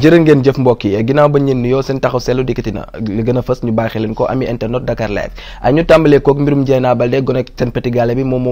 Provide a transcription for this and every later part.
jërë ngeen jëf mbokk yi ginnaaw ba ñeen nuyoo seen taxaw seetlu dikkati na li gën a fës ñu baaxee leen ko ami internet Dakar live ay ñu tàmbalee kook mbirum Dieyna Baldé gone seen petit gallé bi moom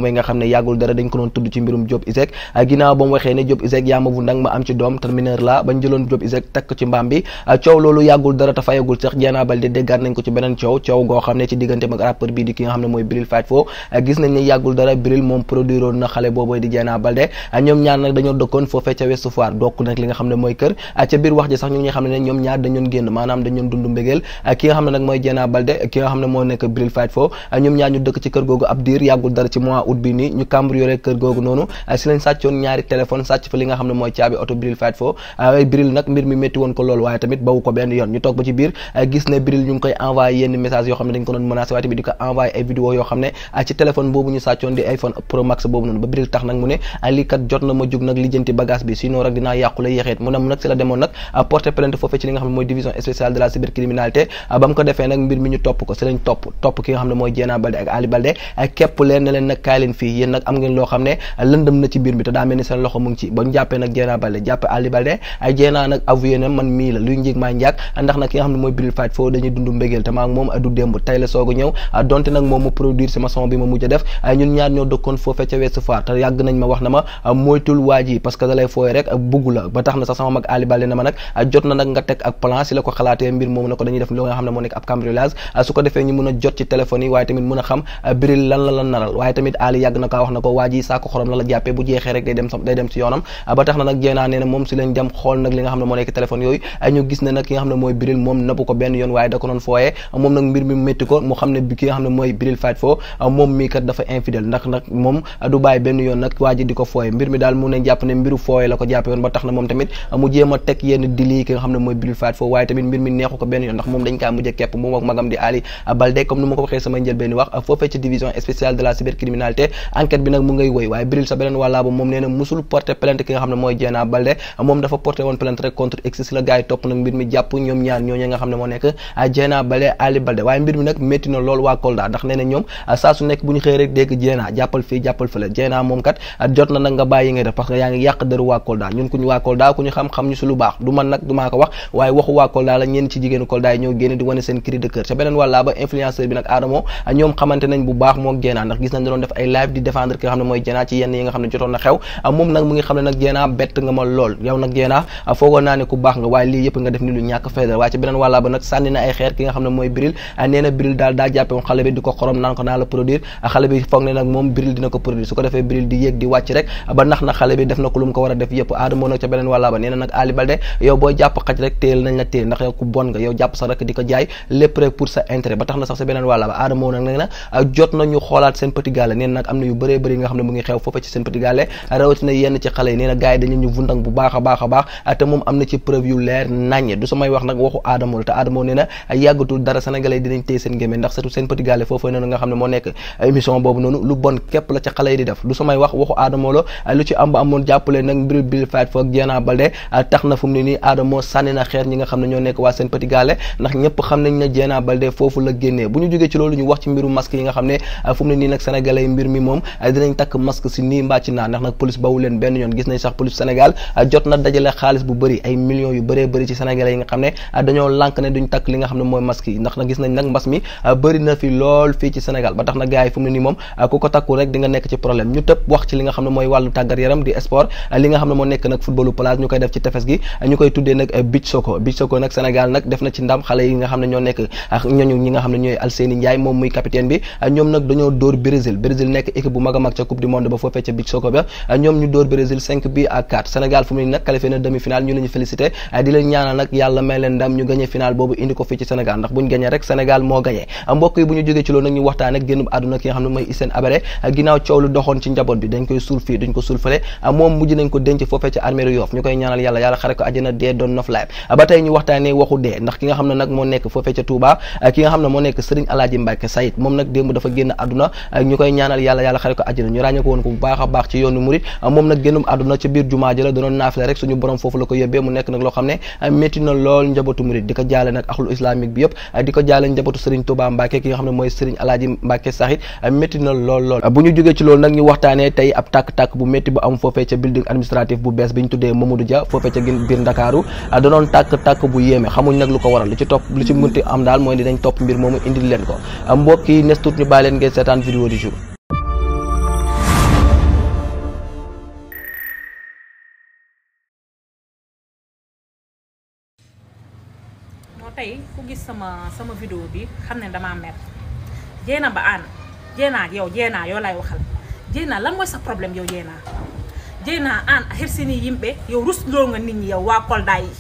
mooy Bril Fight Fo gis nañ ne yàggul dara Bril moom produiroon na xale booboy di Dieyna Baldé ñoom ñaar nag dañoo dëkkoon foofee ca Ouest Foire dokk nag li nga xam ne mooy kër ca biir wax ji sax ñu ngi xam ne ñoom ñaar dañoon génn maanaam dañoon dund mbégeel ki nga xam ne nag mooy Dieyna Baldé ki nga xam ne moo nekk Bril Fight Fo ñoom ñaar ah, ah, nag mbir mi métti woon ko lool waaye tamit bawu ko benn yoon ñu toog ba ci biir ah, gis ne Bril ñu ngi koy envoyé yenn message yoo xam ne dañ ko doon menacé waaye tamit di ko envoyé ay vidéo yoo xam ne ci téléphone boobu ñu sàccoon di iPhone Pro boobu noonu ba Bril tax na porté plainte foofee ci li nga xam ne mooy division spéciale de la cybercriminalité ah, ba mu ko defee nag mbir mi ñu topp ko si lañ topp topp ki nga xam ne mooy Dieyna Baldé ak Ali Baldé ah, képp leen ne leen nag kaay leen na ci mbir mi te daa mel ni seen loxo mu ngi ci ah, na man mii la luy njéeg maa njaag ndax nag ki nga xam ne mooy Bril Fight foo dañuy dund mbégeel te maa ngi moom du démb tey la soogu ñëw donte nag moom mu produire sama son bi ma mujj a def ñun ñaar ñoo dëkkoon foofee ca weesu faar te yàgg nañ na ma moytul waa ji parce que da lay fooy tax na sax sama mag Ali Baldé na nag jot na nag nga teg ak plan si la ko xalaatee mbir moom na ah, ko ah, ah, dafa infidèle ndax nag moom du bàyyi benn yoon nag waa di ko fooye mbir mi daal mu ne jàpp ne mbiru fooye la ko jàppe woon ba tax na moom tamit mu jéem a teg yenn tamit di nga xam ne mooy bilfaat foofu waaye tamit mbir mi neexu ko benn yoon ndax moom dañ kaa mujj kepp moom magam di Ali Baldé comme ni ma ko waxee sa beneen moom nee na musul porté ah, Ali Baldé waaye mbir mi nag métti na lool waa Kolda ndax nee na ñoom ah, saa su nekk bu ñu xëy rek dégg Dieyna jàppal fii jàppal fële Dieyna moom kat ah, jot na nag nga bàyyi nga def parce que yaa ngi yàq dëru waa Kolda ñun ku ñu waa Kolda ku ñu xam-xam ñu su man nag du maa ko wax waaye waxu waa Kolda la ñenn ci jigéenu Kolda yi ñoo génn di wane seen cri de ca beneen wàllaa ba influenceur bi nag Adamo ñoom xamante nañ bu baax moo Dieyna bett nga ma lool yow nag Dieyna foogoon naa ne ku baax nga waaye lii yëpp nga def ni lu ñàkk fayda waaye ca beneen wàllaa ba nag sànni na ay xeer ki nga xam ne mooy Bril nee na Bril daal daa jàppe xale bi di ko xorom naan ko naa la produire a def yow booy jàpp xaj rek téel nañ la téel ndax yow ku bon nga yow jàpp sax rek di ko jaay lépp pour sa intérêt ba tax na sax sa beneen wàlla ba aadama woon nag nag ah, jot nañu xoolaat seen petit gallé nee nekk émission boobu noonu ah, nag mbiru Bill Fight foog Diana Balde ah, tax na fu mu nii Adamo sànni na xeer ñi nga xam ne ñoo nekk waa seen petit ndax ñëpp xam nañ ne Dieyna Baldé foofu la génnee bu ñu jógee ci loolu ñu wax ci mbiru masque yi nga xam ne euh, fu mu ne ñu koy def ci tefes gi euh, koy ak ñooñu ñi euh, euh, fu mu ne nag euh, ko fii ci Sénégal ndax buñ gagné rek Sénégal moo gagné mbokk ginnaaw coow lu doxoon ci njaboot bi dañ koy suul fii ko suul fële moom mujj nañ ko denc foofee ci armée Yoff ñu koy ñaanal yàlla yàlla xare ko àjjana na dee doon noflaayam ba tey ñu waxtaanee waxu dee ndax ki nga xam ne nag moo nekk foofee ca Touba ki a ki nga xam ne mooy Sëriñ Alaaji Mbàkke Sayid métti na lool lool bu ñu jógee ci loolu nag ñu waxtaanee tey ab tàkk-tàkk bu métti bu am foofee ca building administratif bu bees bi ñu tuddee Mamadou Dia foofee ca biir Ndakaaru Ndakaaru ah, da doon tàkk-tàkk bu yéeme xamuñ nag lu ko waral li ci topp lu ci mm-hmm. munti am daal mooy dinañ topp mbir moomu indil leen ko ah, mbokk yi nes tuut ñu bàyyi leen ngeen seetaan sama sama bi xam ne damaa mer jéena ba aan jéena yow jéena yoo lay waxal jéena lan mooy sa problème yow jéena Dieyna an a hersini yimɓe yo rusloo nga nit ñi yow waa Kolda yi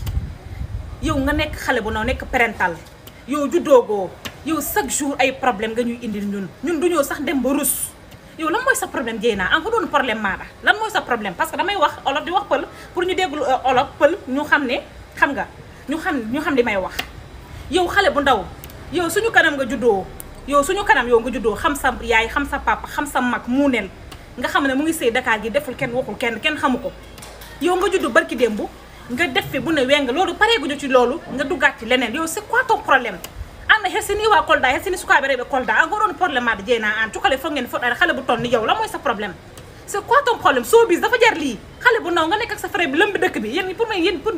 yow nga nekk xale bu ndaw nekk parental yow juddoogoo yow chaque jour ay problème nga ñuy indil ñun ñun duñoo sax dem ba rus yow lan mooy sa problème Dieyna am ko doon problème maada lan mooy sa problème parce que damay wax olof di wax pël pour ñu déglu euh, olof pël ñu xam ne xam nga ñu xam ñu xam li may wax yow xale bu ndaw yow suñu kanam nga juddoo yow suñu kanam yow nga juddoo xam sa yaay xam sa papa xam sa mag muuneel nga xam ne mu ngi sëy Dakar gi deful kenn waxul kenn kenn xamu ko yow nga juddu barki démb nga def fi bu ne weng loolu pareeguñu ci loolu nga duggaat ci leneen yow c'est quoi ton problème anna helsini waa Kolda helsini sukaaɓe rewɓe Kolda a ngoroon probléme aade jeyna an cukale fof ngeen foɗɗare xale bu toll ni yow la mooy sa problème c'est quoi problème soo bis dafa jar lii xale bu ndaw nga nekk ak sa frère bi lëmb dëkk bi y pour ma yéen pour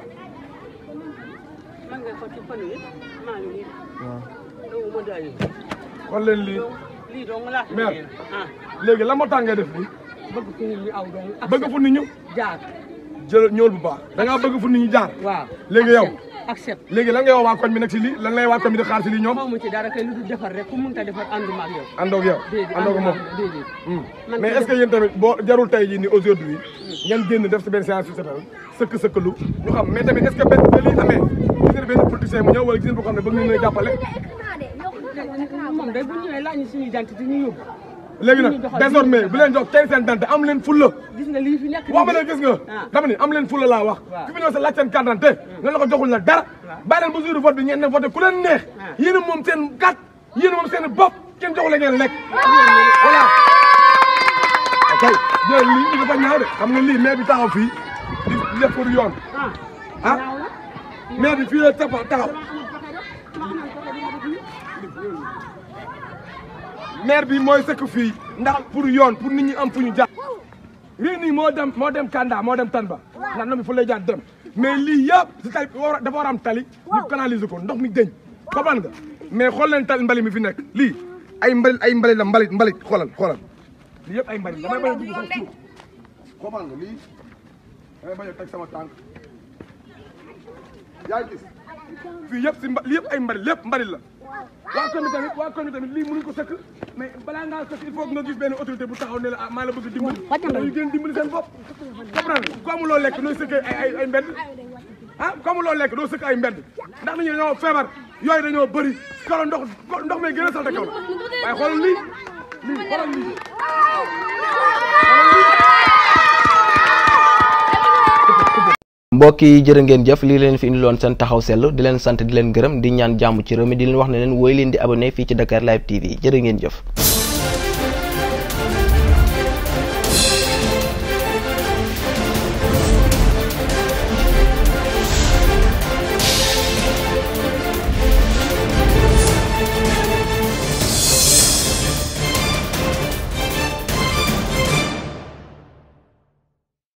waaw. leen lii. mère ah. léegi lan moo tax ngay def lii. bëgg fu nit ñu. jaar jël ñool bu baax da ñu jaar. waaw léegi yow. accept léegi lan ngay wax waa koñ bi nag si lii lan lay waa koñ bi di xaar si lii ñoom. xaw ma ci dara kay lu dul defar rek ku mun ta defar ànduma ak yow. est-ce que yéen tamit boo jarul tey jii ni aujourd'hui hmm. ngeen génn def si benn séance si sëkk sëkkalu ñu xam mais tamit est ce que benn ba lii amee gis ngeen benn politicien mu ñëw wala gis ngeen boo xam ne bëgg nañu jàppale. moom day bu ñëwee laaj ñu suñu identité ñu yóbbu. léegi nag désormais bu leen jox kenn seen dante am leen fulla gis nga lii fi nekk wax ma leen gis nga ah. dama ni am leen fulla laa wax ku fi ñëw sa laaj seen carte d'identité ah. nga la ko joxul nag dara bàyyi leen ba jour vote bi ñeen ne voté ku leen neex ah. yéen a moom seen kat yéen a moom seen bopp kenn joxu la ngeen lekk voilà ok jël lii dafa ñaaw de xam nga lii maire bi taxaw fii lépp pour yoon ah maire mooy sëkk fii ndax pour yoon pour nit ñi am fu ñu lii nii moo dem moo dem Kanda moo dem Tamba ndax ndox mi fu mais lii yëpp si tali dafa war am ko ndox mi deñ xobal nga mais xool leen tali mbali mi fi nekk lii ay mbali ay mbali la mbalit mbalit xoolal xoolal lii yëpp ay mbalit damay bañ a dugg sax damay eh, a teg sama tànk yaa gis fii yëpp si mba yëpp ay mbari lépp mbari la waa kon bi tamit waa kon bi lii mënuñ ko sëkk mais balaa ngaa sëkk il faut que nga benn autorité bu taxaw ne la ah maa la bëgg dimbali dañu gën dimbali seen bopp comprendre ku amuloo lekk nooy sëkk ay ay mbedd ah ku amuloo lekk doo sëkk ay mbedd ndax nañu dañoo feebar yooyu dañoo bëri kalo ndox ndox may gën a salte kaw la waaye xoolal lii lii xoolal lii mbokk yi jërë ngeen jëf lii leen fi indi loon seen taxaw seetlu di leen sant di leen gërëm di ñaan jàmm ci réew mi di leen wax na leen wooy leen di abonné fii ci Dakar Live TV jërë ngeen jëf